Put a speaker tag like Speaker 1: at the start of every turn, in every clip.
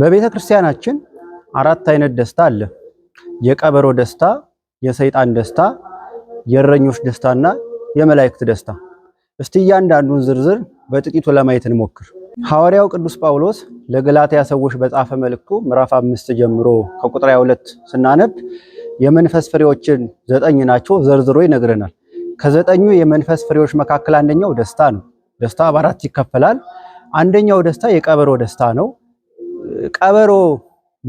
Speaker 1: በቤተ ክርስቲያናችን አራት አይነት ደስታ አለ። የቀበሮ ደስታ፣ የሰይጣን ደስታ፣ የእረኞች ደስታና የመላእክት ደስታ። እስቲ እያንዳንዱን ዝርዝር በጥቂቱ ለማየት እንሞክር። ሐዋርያው ቅዱስ ጳውሎስ ለገላትያ ሰዎች በጻፈ መልእክቱ ምዕራፍ አምስት ጀምሮ ከቁጥር 22 ስናነብ የመንፈስ ፍሬዎችን ዘጠኝ ናቸው ዘርዝሮ ይነግረናል። ከዘጠኙ የመንፈስ ፍሬዎች መካከል አንደኛው ደስታ ነው። ደስታ በአራት ይከፈላል። አንደኛው ደስታ የቀበሮ ደስታ ነው። ቀበሮ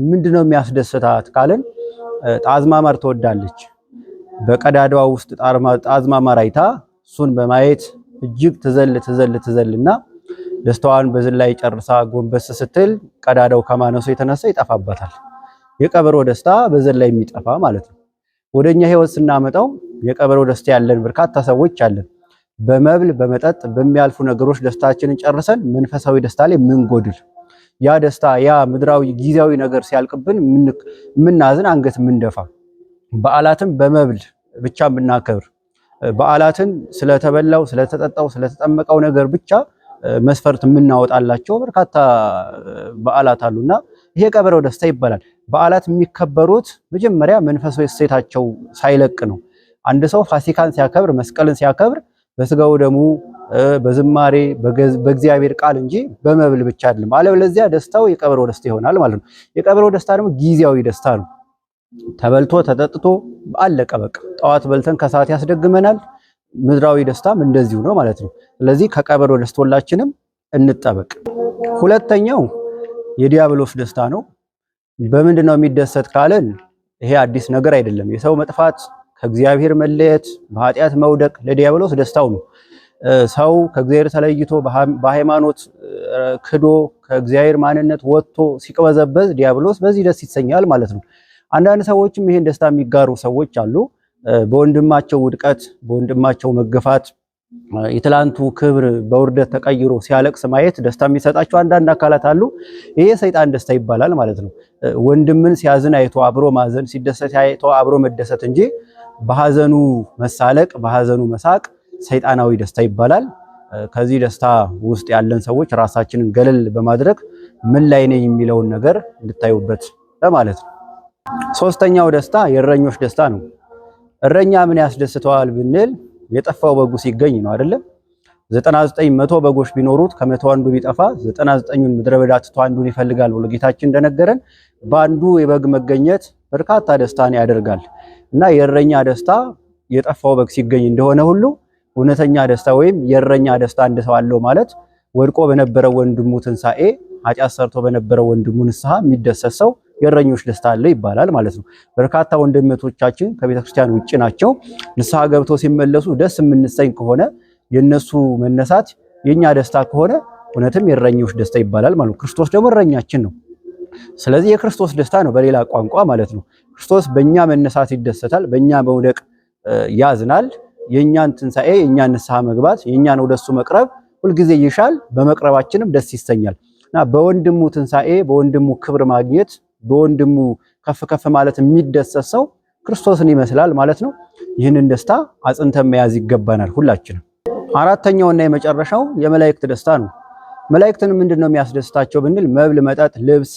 Speaker 1: ምንድን ነው የሚያስደስታት ካልን ጣዝማማር ትወዳለች። በቀዳዳዋ ውስጥ ጣዝማማር አይታ እሱን በማየት እጅግ ትዘል ትዘል ትዘልና ደስታዋን በዝላይ ጨርሳ ጎንበስ ስትል ቀዳዳው ከማነሱ የተነሳ ይጠፋባታል። የቀበሮ ደስታ በዘላይ የሚጠፋ ማለት ነው። ወደኛ ህይወት ስናመጣው የቀበሮ ደስታ ያለን በርካታ ሰዎች አለን። በመብል በመጠጥ በሚያልፉ ነገሮች ደስታችንን ጨርሰን መንፈሳዊ ደስታ ላይ ምንጎድል ያ ደስታ ያ ምድራዊ ጊዜያዊ ነገር ሲያልቅብን የምናዝን አንገት የምንደፋ በዓላትን በመብል ብቻ የምናከብር በዓላትን ስለተበላው፣ ስለተጠጣው፣ ስለተጠመቀው ነገር ብቻ መስፈርት የምናወጣላቸው በርካታ በዓላት አሉና ይሄ ቀበረው ደስታ ይባላል። በዓላት የሚከበሩት መጀመሪያ መንፈሳዊ እሴታቸው ሳይለቅ ነው። አንድ ሰው ፋሲካን ሲያከብር መስቀልን ሲያከብር በስጋው ደሙ በዝማሬ በእግዚአብሔር ቃል እንጂ በመብል ብቻ አይደለም። አለበለዚያ ደስታው የቀበሮ ደስታ ይሆናል ማለት ነው። የቀበሮ ደስታ ደግሞ ጊዜያዊ ደስታ ነው። ተበልቶ ተጠጥቶ አለቀ በቃ። ጠዋት በልተን ከሰዓት ያስደግመናል። ምድራዊ ደስታም እንደዚሁ ነው ማለት ነው። ስለዚህ ከቀበሮ ደስታ ሁላችንም እንጠበቅ። ሁለተኛው የዲያብሎስ ደስታ ነው። በምንድን ነው የሚደሰት ካለን ይሄ አዲስ ነገር አይደለም። የሰው መጥፋት ከእግዚአብሔር መለየት፣ በኃጢአት መውደቅ ለዲያብሎስ ደስታው ነው። ሰው ከእግዚአብሔር ተለይቶ በሃይማኖት ክዶ ከእግዚአብሔር ማንነት ወጥቶ ሲቅበዘበዝ ዲያብሎስ በዚህ ደስ ይሰኛል ማለት ነው። አንዳንድ ሰዎችም ይሄን ደስታ የሚጋሩ ሰዎች አሉ። በወንድማቸው ውድቀት፣ በወንድማቸው መገፋት የትላንቱ ክብር በውርደት ተቀይሮ ሲያለቅስ ማየት ደስታ የሚሰጣቸው አንዳንድ አካላት አሉ። ይሄ ሰይጣን ደስታ ይባላል ማለት ነው። ወንድምን ሲያዝን አይቶ አብሮ ማዘን፣ ሲደሰት አይቶ አብሮ መደሰት እንጂ በሀዘኑ መሳለቅ፣ በሀዘኑ መሳቅ ሰይጣናዊ ደስታ ይባላል። ከዚህ ደስታ ውስጥ ያለን ሰዎች ራሳችንን ገለል በማድረግ ምን ላይ ነኝ የሚለውን ነገር እንድታዩበት ለማለት ነው። ሶስተኛው ደስታ የእረኞች ደስታ ነው። እረኛ ምን ያስደስተዋል ብንል የጠፋው በጉ ሲገኝ ነው አይደለም። 99 መቶ በጎች ቢኖሩት ከመቶ አንዱ ቢጠፋ 99ን ምድረ በዳ ትቶ አንዱን ይፈልጋል ብሎ ጌታችን እንደነገረን በአንዱ የበግ መገኘት በርካታ ደስታን ያደርጋል እና የእረኛ ደስታ የጠፋው በግ ሲገኝ እንደሆነ ሁሉ እውነተኛ ደስታ ወይም የእረኛ ደስታ አንድ ሰው አለው ማለት ወድቆ በነበረው ወንድሙ ትንሣኤ ኃጢአት ሰርቶ በነበረው ወንድሙ ንስሐ የሚደሰት ሰው የእረኞች ደስታ አለ ይባላል ማለት ነው። በርካታ ወንድመቶቻችን ከቤተክርስቲያን ውጭ ናቸው። ንስሐ ገብተው ሲመለሱ ደስ የምንሰኝ ከሆነ የእነሱ መነሳት የእኛ ደስታ ከሆነ እውነትም የእረኞች ደስታ ይባላል ማለት ነው። ክርስቶስ ደግሞ እረኛችን ነው። ስለዚህ የክርስቶስ ደስታ ነው በሌላ ቋንቋ ማለት ነው። ክርስቶስ በእኛ መነሳት ይደሰታል፣ በእኛ መውደቅ ያዝናል። የእኛን ትንሣኤ፣ የእኛን ንስሐ መግባት፣ የእኛን ወደሱ መቅረብ ሁልጊዜ ይሻል። በመቅረባችንም ደስ ይሰኛል እና በወንድሙ ትንሣኤ፣ በወንድሙ ክብር ማግኘት በወንድሙ ከፍ ከፍ ማለት የሚደሰት ሰው ክርስቶስን ይመስላል ማለት ነው። ይህንን ደስታ አጽንተን መያዝ ይገባናል ሁላችንም። አራተኛውና የመጨረሻው የመላእክት ደስታ ነው። መላእክትን ምንድን ነው የሚያስደስታቸው ብንል መብል፣ መጠጥ፣ ልብስ፣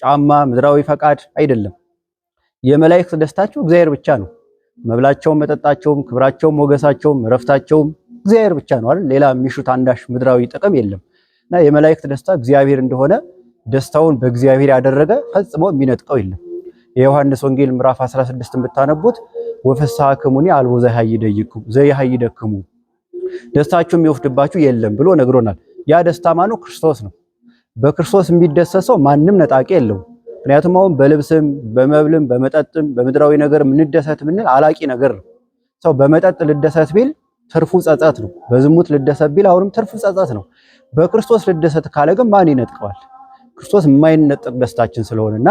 Speaker 1: ጫማ፣ ምድራዊ ፈቃድ አይደለም። የመላእክት ደስታቸው እግዚአብሔር ብቻ ነው። መብላቸውም፣ መጠጣቸውም፣ ክብራቸውም፣ ሞገሳቸውም፣ ረፍታቸውም እግዚአብሔር ብቻ ነው አይደል? ሌላ የሚሹት አንዳሽ ምድራዊ ጥቅም የለም እና የመላእክት ደስታ እግዚአብሔር እንደሆነ ደስታውን በእግዚአብሔር ያደረገ ፈጽሞ የሚነጥቀው የለም። የዮሐንስ ወንጌል ምዕራፍ 16 የምታነቡት ወፍስሐክሙኒ አልቦ ዘይሃይደክሙ ደስታችሁ የሚወፍድባችሁ የለም ብሎ ነግሮናል። ያ ደስታ ማኑ ክርስቶስ ነው። በክርስቶስ የሚደሰሰው ማንም ነጣቂ የለውም። ምክንያቱም አሁን በልብስም በመብልም በመጠጥም በምድራዊ ነገር ምንደሰት ምንል አላቂ ነገር ነው። ሰው በመጠጥ ልደሰት ቢል ትርፉ ጸጸት ነው። በዝሙት ልደሰት ቢል አሁንም ትርፉ ጸጸት ነው። በክርስቶስ ልደሰት ካለ ግን ማን ይነጥቀዋል? ክርስቶስ የማይነጠቅ ደስታችን ስለሆነና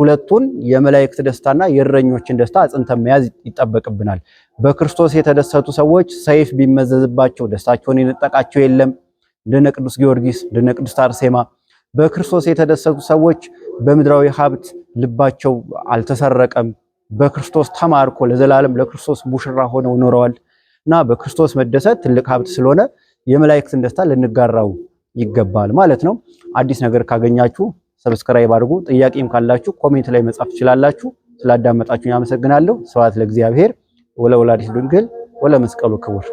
Speaker 1: ሁለቱን የመላእክት ደስታና የእረኞችን ደስታ አጽንተ መያዝ ይጠበቅብናል። በክርስቶስ የተደሰቱ ሰዎች ሰይፍ ቢመዘዝባቸው ደስታቸውን የነጠቃቸው የለም። እንደነ ቅዱስ ጊዮርጊስ፣ እንደነ ቅዱስ አርሴማ በክርስቶስ የተደሰቱ ሰዎች በምድራዊ ሀብት ልባቸው አልተሰረቀም። በክርስቶስ ተማርኮ ለዘላለም ለክርስቶስ ሙሽራ ሆነው ኖረዋል እና በክርስቶስ መደሰት ትልቅ ሀብት ስለሆነ የመላእክትን ደስታ ልንጋራው ይገባል ማለት ነው። አዲስ ነገር ካገኛችሁ ሰብስክራይብ አድርጉ። ጥያቄም ካላችሁ ኮሜንት ላይ መጻፍ ትችላላችሁ። ስላዳመጣችሁ አመሰግናለሁ። ስብሐት ለእግዚአብሔር ወለወላዲቱ ድንግል ወለመስቀሉ ክቡር